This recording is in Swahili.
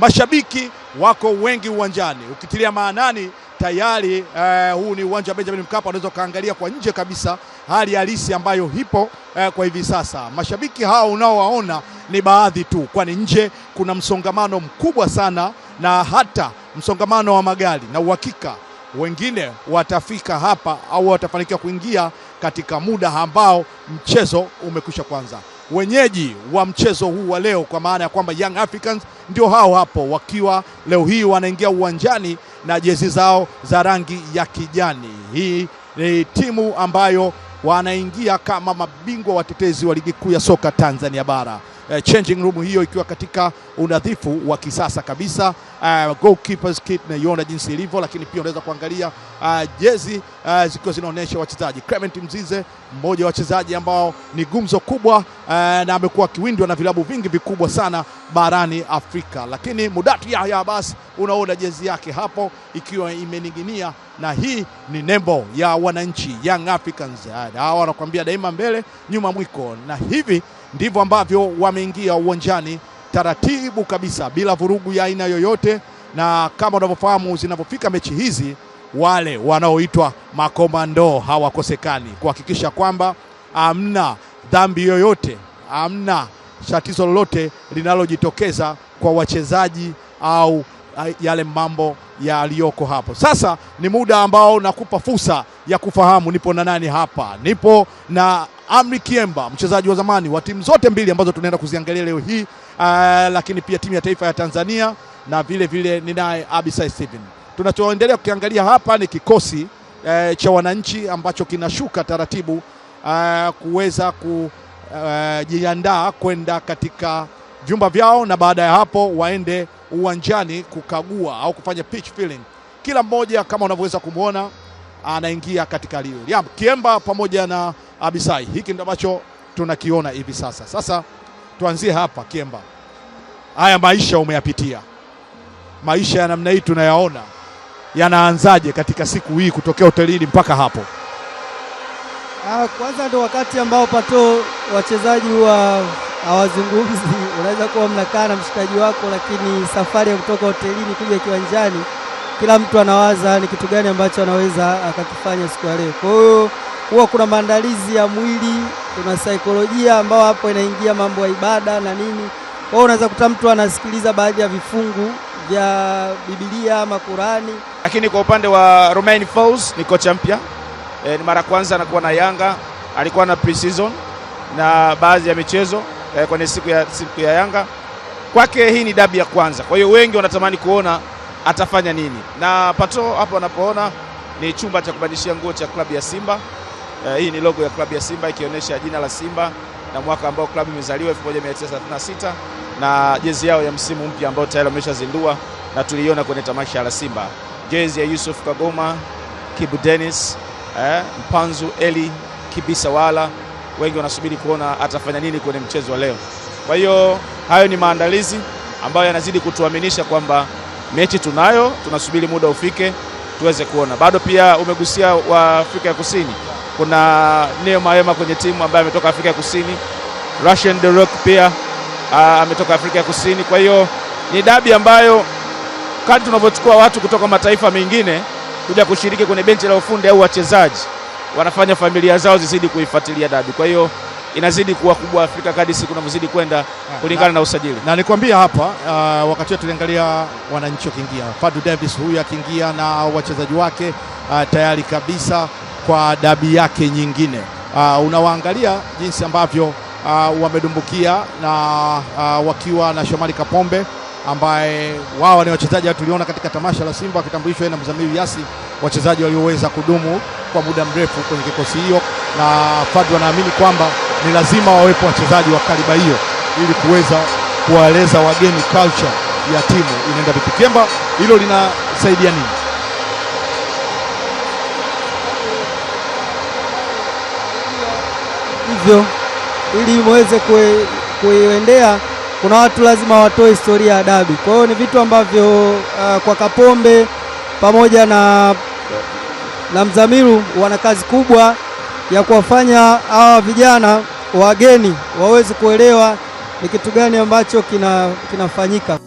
Mashabiki wako wengi uwanjani, ukitilia maanani tayari eh, huu ni uwanja wa Benjamin Mkapa, unaweza ukaangalia kwa nje kabisa hali halisi ambayo hipo eh, kwa hivi sasa. Mashabiki hao unaowaona ni baadhi tu, kwani nje kuna msongamano mkubwa sana na hata msongamano wa magari, na uhakika wengine watafika hapa au watafanikiwa kuingia katika muda ambao mchezo umekwisha kuanza wenyeji wa mchezo huu wa leo, kwa maana ya kwamba Young Africans ndio hao hapo, wakiwa leo hii wanaingia uwanjani na jezi zao za rangi ya kijani. Hii ni timu ambayo wanaingia kama mabingwa watetezi wa ligi kuu ya soka Tanzania bara eh, changing room hiyo ikiwa katika unadhifu wa kisasa kabisa. Uh, goalkeepers kit naiona jinsi ilivyo, lakini pia unaweza kuangalia uh, jezi uh, zikiwa zinaonyesha wachezaji. Clement Mzize mmoja wa wachezaji ambao ni gumzo kubwa uh, na amekuwa akiwindwa na vilabu vingi vikubwa sana barani Afrika, lakini Mudathi Yahya Abbas unaona jezi yake hapo ikiwa imening'inia, na hii ni nembo ya wananchi Young Africans. Hawa wanakuambia daima mbele, nyuma mwiko, na hivi ndivyo ambavyo wameingia uwanjani taratibu kabisa, bila vurugu ya aina yoyote, na kama unavyofahamu zinapofika mechi hizi wale wanaoitwa makomando hawakosekani kuhakikisha kwamba hamna dhambi yoyote, amna tatizo lolote linalojitokeza kwa wachezaji au eh, yale mambo yaliyoko hapo. Sasa ni muda ambao nakupa fursa ya kufahamu nipo na nani hapa. Nipo na Amri Kiemba, mchezaji wa zamani wa timu zote mbili ambazo tunaenda kuziangalia leo hii uh, lakini pia timu ya taifa ya Tanzania na vile vile ninaye Abisai Steven. Tunachoendelea kukiangalia hapa ni kikosi uh, cha wananchi ambacho kinashuka taratibu uh, kuweza kujiandaa uh, kwenda katika vyumba vyao na baada ya hapo waende uwanjani kukagua au kufanya pitch feeling. Kila mmoja kama unavyoweza kumwona anaingia katika lile. Kiemba pamoja na Abisai. Hiki ndio ambacho tunakiona hivi sasa. Sasa tuanzie hapa Kiemba, haya maisha umeyapitia, maisha ya namna hii tunayaona yanaanzaje katika siku hii kutokea hotelini mpaka hapo? Ah, kwanza ndo wakati ambao pato wachezaji wa hawazungumzi. Unaweza kuwa mnakaa na mshikaji wako, lakini safari ya kutoka hotelini kuja kiwanjani, kila mtu anawaza ni kitu gani ambacho anaweza akakifanya siku ya leo. Kwa hiyo huwa kuna maandalizi ya mwili, kuna saikolojia ambayo hapo inaingia mambo ya ibada na nini. Kwa hiyo unaweza kuta mtu anasikiliza baadhi ya vifungu vya Biblia ama Qurani. Lakini kwa upande wa Romain Folz ni kocha mpya e, ni mara kwanza anakuwa na Yanga, alikuwa na pre-season na baadhi ya michezo e, kwenye siku ya, siku ya Yanga kwake hii ni dabi ya kwanza, kwa hiyo wengi wanatamani kuona atafanya nini, na pato hapo wanapoona ni chumba cha kubadilishia nguo cha klabu ya Simba. Uh, hii ni logo ya klabu ya Simba ikionyesha jina la Simba na mwaka ambao klabu imezaliwa 1936 na jezi yao ya msimu mpya ambao tayari wameshazindua na tuliiona kwenye tamasha la Simba. Jezi ya Yusuf Kagoma, Kibu Dennis, eh, Mpanzu Eli, Kibisawala, wengi wanasubiri kuona atafanya nini kwenye mchezo wa leo. Kwa hiyo hayo ni maandalizi ambayo yanazidi kutuaminisha kwamba mechi tunayo, tunasubiri muda ufike tuweze kuona. Bado pia umegusia wa Afrika ya Kusini kuna Neo Mawema kwenye timu ambaye ametoka Afrika ya Kusini, Russian Derok pia ah, ametoka Afrika ya Kusini. Kwa hiyo ni dabi ambayo kadri tunavyochukua watu kutoka mataifa mengine kuja kushiriki kwenye benchi la ufundi au wachezaji wanafanya familia zao zizidi kuifuatilia dabi, kwa hiyo inazidi kuwa kubwa Afrika kadri siku inavyozidi kwenda ah, kulingana na, na usajili na nikwambia hapa uh, wakati wetu tuliangalia wananchi wakiingia, Fadu Davis huyu akiingia na wachezaji wake uh, tayari kabisa kwa dabi yake nyingine. Uh, unawaangalia jinsi ambavyo uh, wamedumbukia na uh, wakiwa na Shomari Kapombe ambaye wao ni wachezaji tuliona katika tamasha la Simba wakitambulishwa na Mzamiru Yasi, wachezaji walioweza kudumu kwa muda mrefu kwenye kikosi hiyo, na Fadlu wanaamini kwamba ni lazima wawepo wachezaji wa kaliba hiyo ili kuweza kuwaeleza wageni culture ya timu inaenda vipi. Kemba, hilo linasaidia nini? hivyo ili muweze kuiendea, kuna watu lazima watoe historia ya dabi. Kwa hiyo ni vitu ambavyo uh, kwa Kapombe pamoja na, na Mzamiru wana kazi kubwa ya kuwafanya hawa vijana wageni waweze kuelewa ni kitu gani ambacho kinafanyika